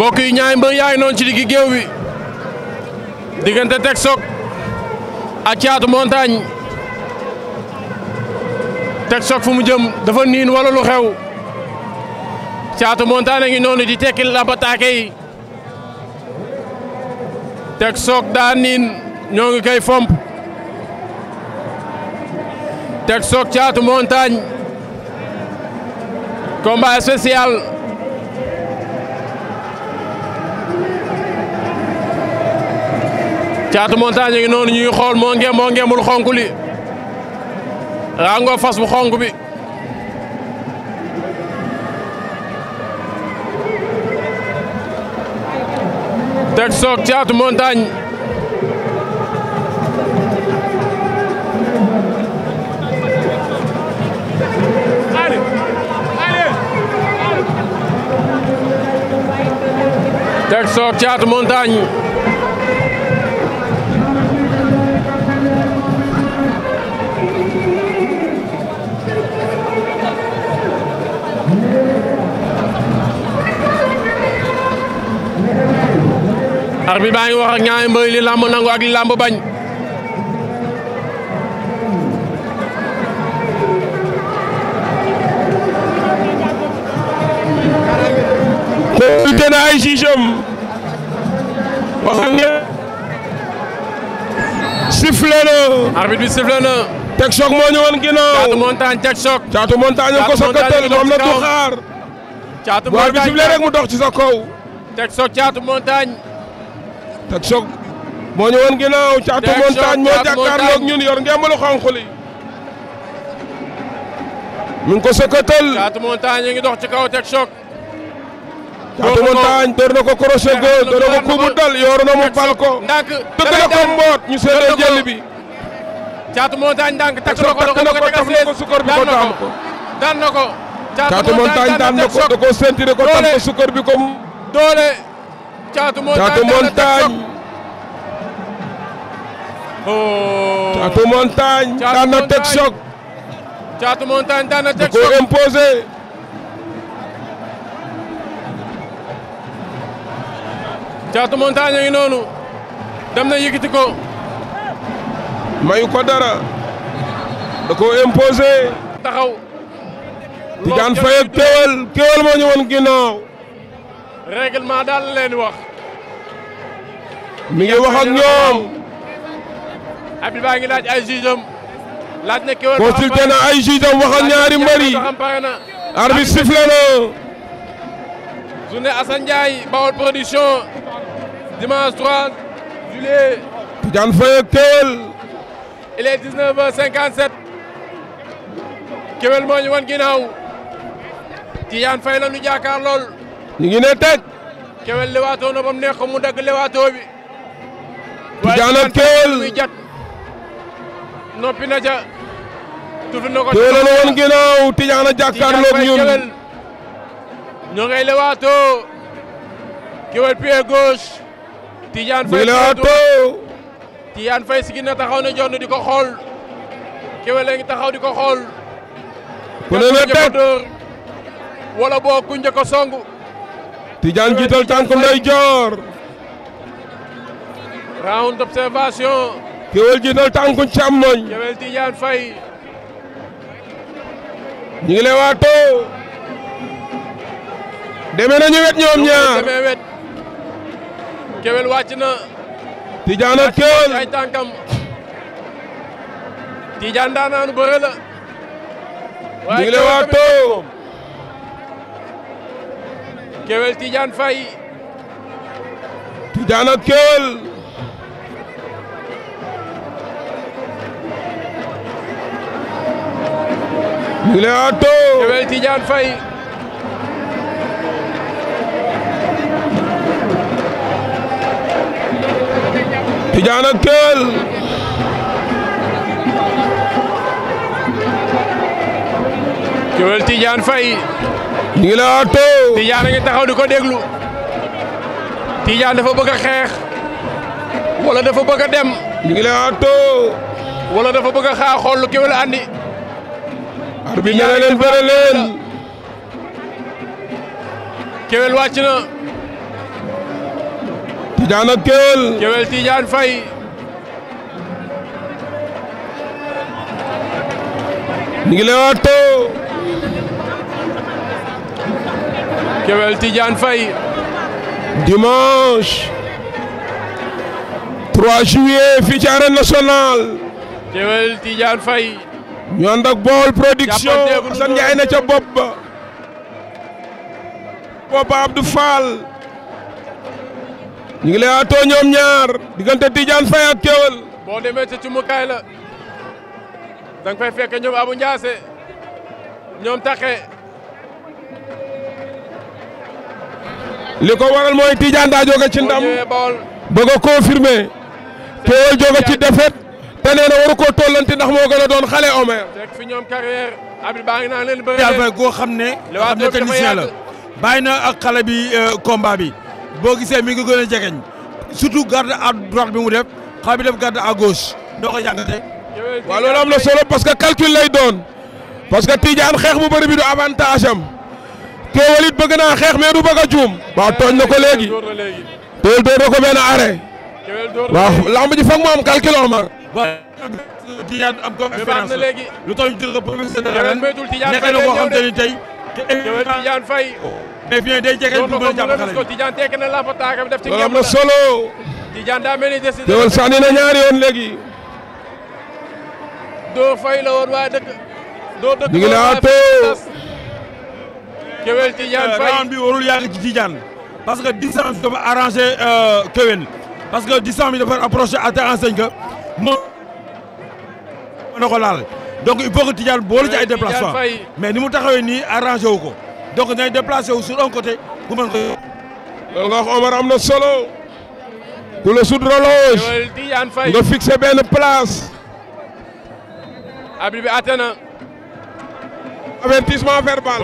mbokk yi ñaay mbër yaay noonu ci diggi géew bi diggante Tek Choc ak Thiatou Montagne Tek Choc fu mu jëm dafa niin wala lu xew Thiatou Montagne ngi noonu di tekki labataake yi Tek Choc daa niin ñoo ngi koy fomp Tek Choc Thiatou Montagne combat spécial caatu montagne ngi noonu ñuy xool moo ngem moo ngemul xonk li rangoo fas bu xonk bi teg soog caatu montagne teg caatu montagne arbitre baa ngi wax ak ñaari mbër li nangu ak li làmb bañ te na ay siisam wax nga sifflé Caatu Montagne Tek ko sokkatal moom la du xaar Caatu Montagne bi sifflé rek mu dox ci sa kaw Caatu Montagne Tek Choc moo ñu woon ginnaaw caatu montagne moo jàkkaarloog ñun yor ngembalu xonq li mi ngi ko sëkkatal caatu montagne ngi dox ci kaw Tek Choc caatu montagne door na ko crochet gauche door ko coup bu dal na mu fal ko tëgg na ko mboot ñu seedee jël bi caatu montagne ndànk takk na ko da ko a tegas ko sukar bi ko taam ko ko caatu montagne daan na ko da ko sentir ko tam ko sukar bi ko doole Caatu Montagne Caatu Montagne daan na teg Caatu Montagne daan na teg choc Caatu Montagne ngi noonu dem na yëkkati ko. mayu ko dara da koo imposé. taxaw. Tidiane Faye ak Keweul moo ñu woon ginnaaw. règlement daal la leen wax. mi ngi wax ak ñoom. Habib baa ngi laaj ay jugeem. laaj na kéwén consulté na ay jugeem wax ñaari mbër yi. arbitre sifflé na. journée Assane Ndiaye Baol production dimanche 3 juillet. Tidiane ak Keweul. il est 19 wan ginnaaw. Tidiane Faye la jaakaar lool. ñu ngi kewel lewaatoo na ba mu neex ko mu dagg lewaatoo bi. Tidiane ak Kewel waaye jat noppi na ca. tudd na ko Kewel la woon ginnaaw Tidiane jàkkaarloog ñun. ñoo ngay lewaatoo. Kewel pied gauche. Tidiane Faye lewaatoo. Tidiane Faye si taxaw na di ko xool. Kewel la ngi taxaw di ko xool. ku ne la teg boo ku njëkk a song. Tidiane jiital tànk ndeyjoor. round d'observation. Keweul jiital tànku càmmoñ. Keweul Tidiane Faye. ñu ngi lay waatoo. deme nañu wet ñoom ñaar deme na. Tidiane ak Keweul ay tànkam. Tidiane daanaanu bëre la. ñu ngi lay Kewel Tidiane Faye Tidiane ak Kewel ñu ngi lay ato Kewel Tidiane Faye Tidiane ak Kewel Kewel Tidiane Faye ñu ngi la a ngi taxaw di ko déglu Tidiane dafa bëgg a xeex wala dafa bëgg a dem. ñu ngi la too. wala dafa bëgg a xaa xool lu kéwél andi. arbi nee na leen bëre leen. kéwél wàcc na. Tidiane ak kéwél. kéwél Tidiane Faye. ñu ngi la Diowel Tidiane Faye dimanche 3 juillet fii ci arène nationale Diowel Tidiane Faye ñu ànd ak Baol production Assane na ca bopp ba boppa Abdou Fall ñu ngi lay atoo ñoom ñaar diggante Tidiane Faye ak Diowel boo demee ca cumukaay la danga fay fekk ñoom Abou Ndiassé ñoom Taxe li ko waral mooy Tidiane daa jóge ci ndam bëgg a confirmer Keweul jóge ci défaite te nee na ko tollanti ndax moo gën a doon xale Omer. Tidiane Faye goo xam ne xam ne technicien la bàyyi na ak xale bi euh, combat bi boo gisee mi ngi gën a jegeñ surtout garde à droite bi mu def xale bi def garde à noo ko jàngate. waaw loolu am na solo parce que calcul lay doon parce que Tidiane xeex bu bari bi du avantage am. Keweul it bëgg naa xeex mais du bëgg a juum. waaw tooñ na ko léegi. Keweul door na ko benn arrêt. waaw lamb ji mu am calcul ma. Tidiane am conférence lu tax ñu jël ko professionnel nekk na boo xam te ni tey. Keweul Tidiane Faye. mais bien day jege du a solo. Keweul sànni na ñaari yoon léegi. doo fay too. Kewel Tidiane euh, Faye round bi ci Tidiane parce que distance bi dafa arrangé euh, Kewel parce que distance bi dafa approché à telle enseigne que moom il faut que Tidiane boolu ci ay déplacement mais ni mu taxawee nii arrangé wu ko donc nay déplacé sur un côté bu mën ko loolu nga am na solo ku la sut relonge nga fixé benn place abri bi atteint na avertissement verbal.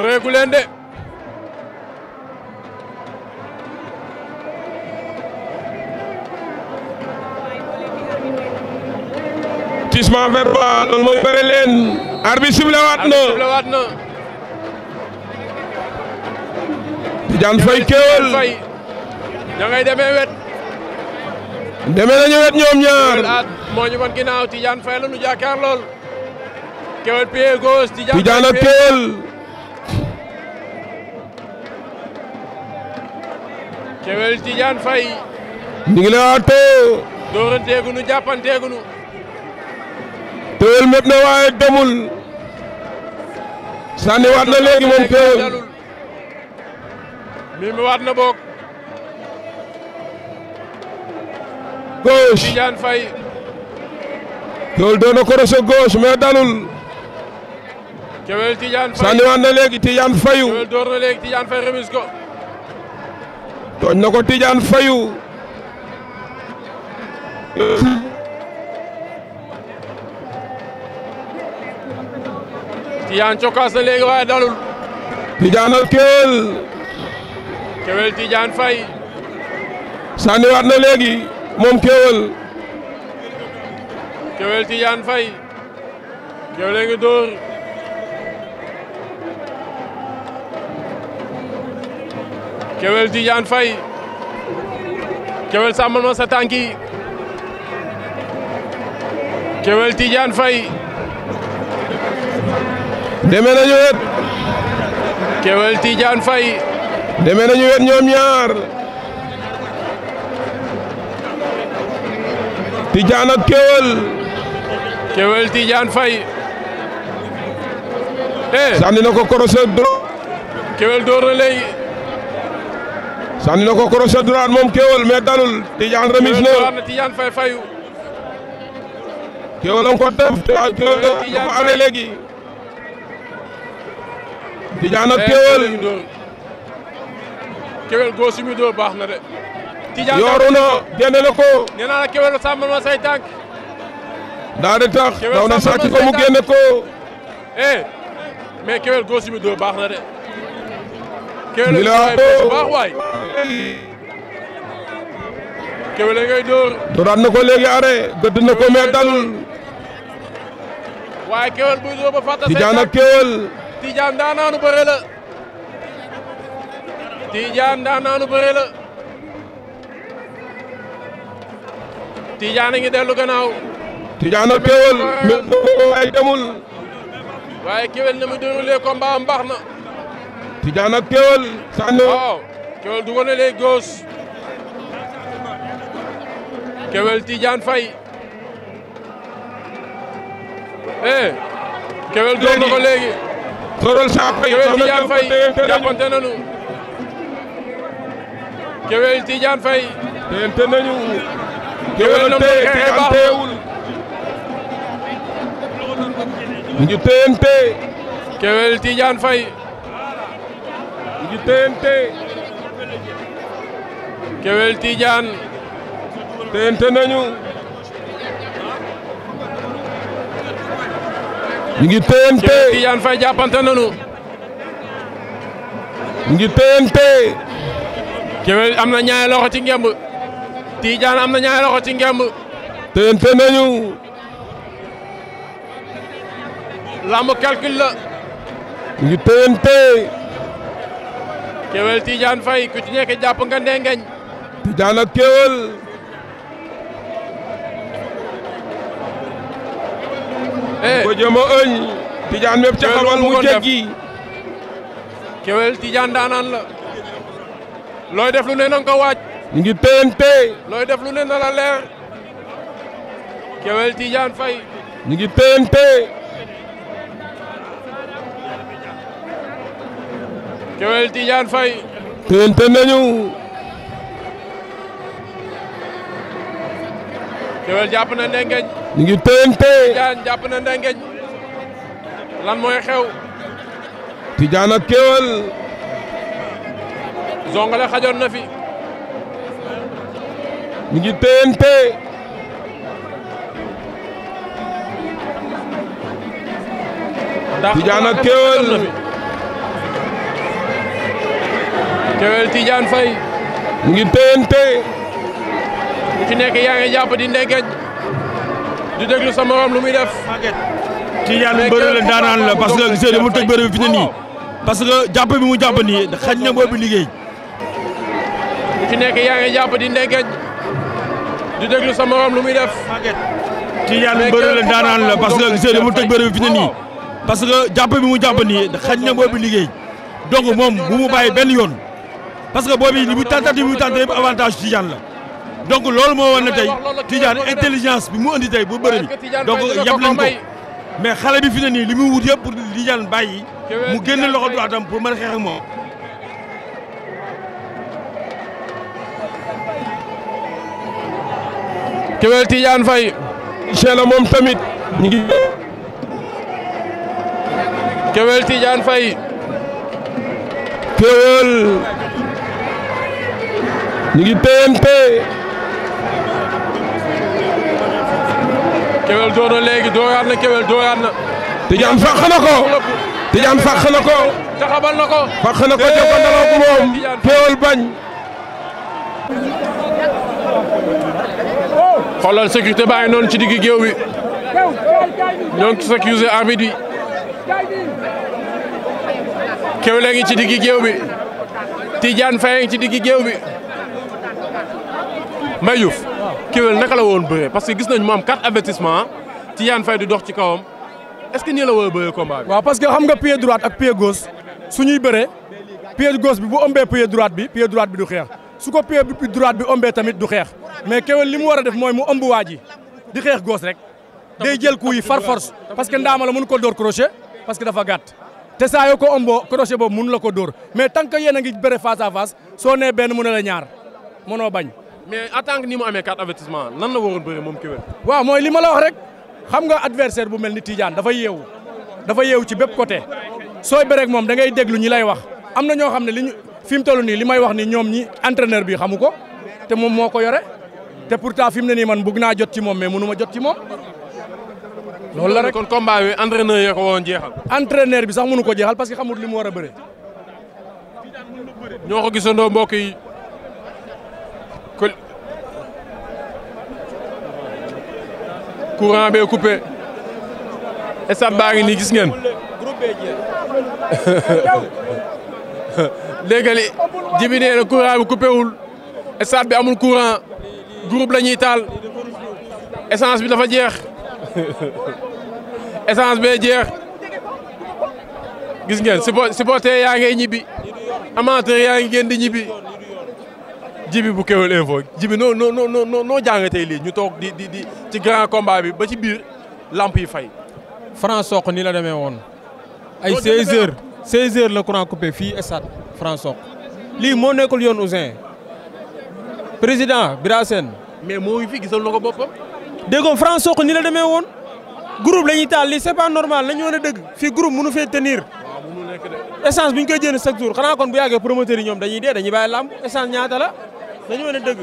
avertissement verbal loolu mooy bëre leen. arbitre siblewaat na siblewaat na. Tidiane Faye Keweul. ña demee wet. demee nañu wet ñoom ñaar. moo wan ginnaaw Tidiane Faye la nu jàkkaar lool. Keweul pied gauche Tidiane ak Keweul. Keweul Tidiane Faye. ñu ngi lay waatoo. dooranteegu nu jàppanteegu nu. Téweul mët na waaye demul sànni na léegi moom Téweul mimi waat na boog gauche Tidiane Faye Téweul doon na korose gauche dalul Téweul Tidiane Faye tooñ na ko Tidiane Fayu Tidiane cokkaas na léegi waaye dalul. Tidiane ak Kewel. Kewel Tidiane Faye. na léegi moom Kewel. Kewel Tidiane Faye. Kewel a ma sa tànk yi. Kewel deme nañu wet. Kewel Tidiane Faye. deme nañu wet ñoom ñaar. Tidiane ak Kewel. Kewel Tidiane Faye. eh sànni na ko crochet droit. door na léegi. sànni ko crochet droit moom Kewel mais dalul Tidiane remise na. Tidiane Faye fayu. Kewel a ko def. Kewel Tidiane Faye léegi. Tidiane ak eh, Kewel Kewel góor si dóor baax na de. Tidiane yooru na génne na ma say tànk. daa di na sàcc ko mu génne ko. eh mais Kewel dóor baax na de. Kewel baax waay. Kewel ngay dóor. dooraat ko léegi arrêt gëdd ko mais waaye Kewel buy dóor ba fàttali say Tidiane daan naanu bëre la Tidiane daan naanu bëre la Tidiane ngi dellu gannaaw. Tidiane ak Keweul waaye demul. waaye Keweul na mu déroulé combat am baax na. Tidiane ak Keweul. sànni waaw Keweul dugal na léegi góos. Keweul Tidiane Faye. eh Keweul door na ko léegi. sorol saapa yi Tidiane nañu Kewel Tidiane Faye teente Kewel na mu xeexe baaxul Kewel Tidiane Faye mu ngi Kewel Tidiane teente nañu ñu ngi TNT Tidiane Faye jàppante nañu. ñu am na ñaari loxo ci ngemb. tiijaan am na ñaari loxo ci ngemb. TNT nañu. lamb calcul la. ñu ngi TNT. Kewel Tidiane ku ci nekk jàpp nga ndengeñ. ak Kewel. ko eh. jëma ëñ Tidiane mépp ca mu jéggi Kewel Tidiane daanaan la looy def lu ne na waaj ñu ngi PNP looy def lu ne na la leer Kewel Tidiane Faye ñu ngi PNP Kewel Tidiane Faye PNP nañu Kewel jàpp na ndengeñ. ñu ngi téyante. jàpp na ndengeñ. mooy xew. Tidiane ak Kewel. Zongale xajoon na fi. ñu ngi téyante. Tidiane ak Kewel. Kewel Tidiane Faye. ñu ngi téyante. ci nekk yaa ngi jàpp di ndengeej di déglu sa morom lu muy def. Tidiane mbëri la daanaan la parce que gisee dafa tëj bëri bi fi ne parce que jàpp bi mu jàpp nii xañ na boobu liggéey. ci nekk yaa ngi jàpp di ndengeej di déglu sa morom lu muy def. Tidiane mbëri la daanaan la parce que gisee dafa tëj bëri bi fi ne nii parce que jàpp bi mu jàpp nii xañ na boobu liggéey donc moom bu mu bàyyi benn yoon parce que boobu li bu tentative bi mu tenté avantage Tidiane la. donc loolu moo war na tey Tidiane bi mu andi tey bu bëri bi donc nii li muy wut yëpp pour Tidiane bàyyi mu génn loxo droitam pour mën a xeex moom. Kewel Tidiane Faye. incha allah ngi. Kewel Tidiane Kewel door na léegi dooyaat na Kewel dooyaat na. Tidiane fàq na ko. Tidiane fàq na ko. taxabal na ko. fàq na ko jokkandaloo ak moom Kewel bañ. xoolal sécurité baa ngi noonu ci digg géew bi ñoo ngi sécuriser arbitre bi Kewel ci digg géew bi Tidiane Faye a ci digg géew bi Mbaye Kewel naka la woon bëree parce que gis nañ mu am quatre avertissement Tidiane Faye di dox ci kawam est ce que nii la war a bëree combat waaw parce que xam nga pied droite ak pied gauche suñuy bëree pied gauche bi bu ëmbee pied droite bi pied droite bi du xeex su ko pied bi bi ëmbee tamit du xeex mais Kewel li mu war a def mooy mu ëmb waa ji di xeex gauche rek day jël coup yi far force parce que ndaama la mënu ko dóor crochet parce que dafa gàtt. te saa ko ëmboo crochet boobu mun la ko dóor mais tant que yéen ngi bëre face à soo nee benn mun na la ñaar mënoo bañ. mais en tant que ni mu amee carte avertissement lan la waroon bëri moom Keweul. waaw mooy li ma wax rek xam nga adversaire bu mel ni Tidiane dafa yeewu dafa yeewu ci bépp côté sooy bëreeg moom da ngay déglu ñi lay wax am na ñoo xam ne li ñu fi mu toll nii li may wax ni ñoom ñi entraîneur bi xamu ko te moom moo ko yore te pourtant fi mu ne nii man bëgg naa jot ci moom mais mënu ma jot ci moom. loolu la rek kon combat bi entraîneur yi ko waroon jeexal. entraîneur bi sax mënu ko jeexal parce que xamul li mu war a bëre. ñoo ko gisandoo mbokk yi. courant bee coupé stade baa ngi nii gis ngeen léegi li jibi nee na courant bi coupé wul bi amul courant groupe la ñuy taal essence bi dafa jeex essence bee jeex gis ngeen supporter yaa ngay ñibbi amateur yaa ngi génn di ñibbi jibi bu Kewel Info jibi noo noo noo noo noo jàngatee lii ñu toog di di di ci grand combat ba ci biir lamp yi fay. Franc Sokh nii la demee woon. ay 16h 16h la courant coupé fii stade Franc lii moo nekkul yoon Ouzin président Bira Sène mais moo ngi fi gisal na ko boppam. déggoo nii la demee woon. groupe la taal lii c'est pas normal nañu wane dëgg fii groupe mënu fee tenir. essence bi ñu koy jënd chaque jour xanaa kon bu yàggee promoteurs yi ñoom dañuy dee dañuy bàyyi lamb essence ñaata la. dañu mën a dëgg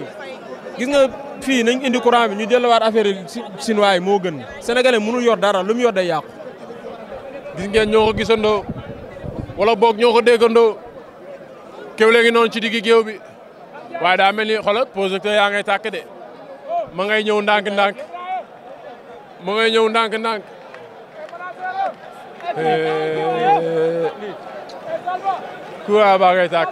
gis nga fii nañ indi courant bi ñu delluwaat affaire yi chinois yi moo gën sénégalais mënul yor dara lu mu yor day yàqu. gis ngeen ñoo ko gisandoo wala boog ñoo ko déggandoo kéw léegi noonu ci diggi géew bi waaye daa mel ni xoolal projecteur yaa ngay tàkk de ma ngay ñëw ndànk-ndànk ma ngay ñëw ndànk-ndànk. courant baa ngay tàkk.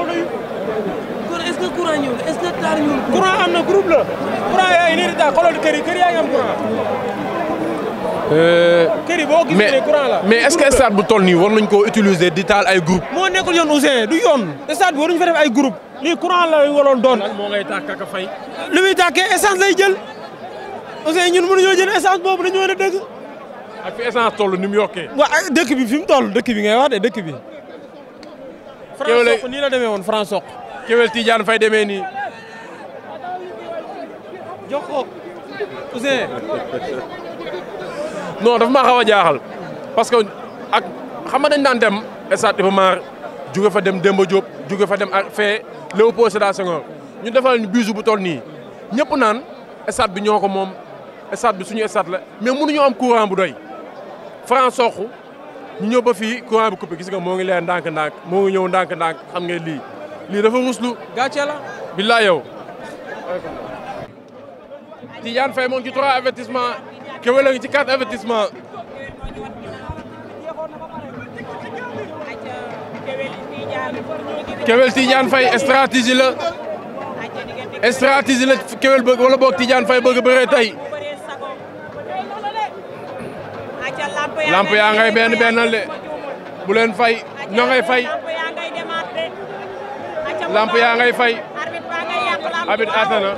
courant ñëw na est-ce que taal ñëw na. courant am na groupe la courant yaa ngi nii di taal xoolal kër yi kër yaa ngi am courant. Euh, kër yi boo gisee ne courant la mais est-ce que stade bu toll nii war nañ koo utiliser di taal ay groupe moo nekkul yoon Ousseyn du yoon stade bi waruñu fa def ay groupe la waroon a jël Ousseyn ñun mënuñoo jël essence boobu dañu war a dëgg. ak fi essence toll ni mu yokkee. waaw dëkk bi fi mu tol dëkk bi ngay wax de dëkk bi. France Kewel tiijaan Faye demee nii jox ko Ousseyn non dafa a jaaxal parce que ak xam nga dañ daan dem stade Iba Mar fa dem Demba Diop jóge fa dem ak fee Léopold Sédar Senghor ñu defal ñu bisu bu toll nii ñëpp naan stade bi ñoo ko moom stade bi suñu stade la mais mënuñu am courant bu doy franc soxu ñu ñëw ba fii courant bi coupé gis nga moo ngi leer ndànk-ndànk moo ñëw ndànk-ndànk xam nga lii lii dafa muslu gàcce la billaa yow Tidiane Faye moo ci trois avertissement Keweul a ngi ci la stratégie la Keweul bëgg wala boog Tidiane Faye bëgg bëree tey lamp yaa ngay benn bennal de bu fay ñoo fay lamp yaa ngay fay. abit atana.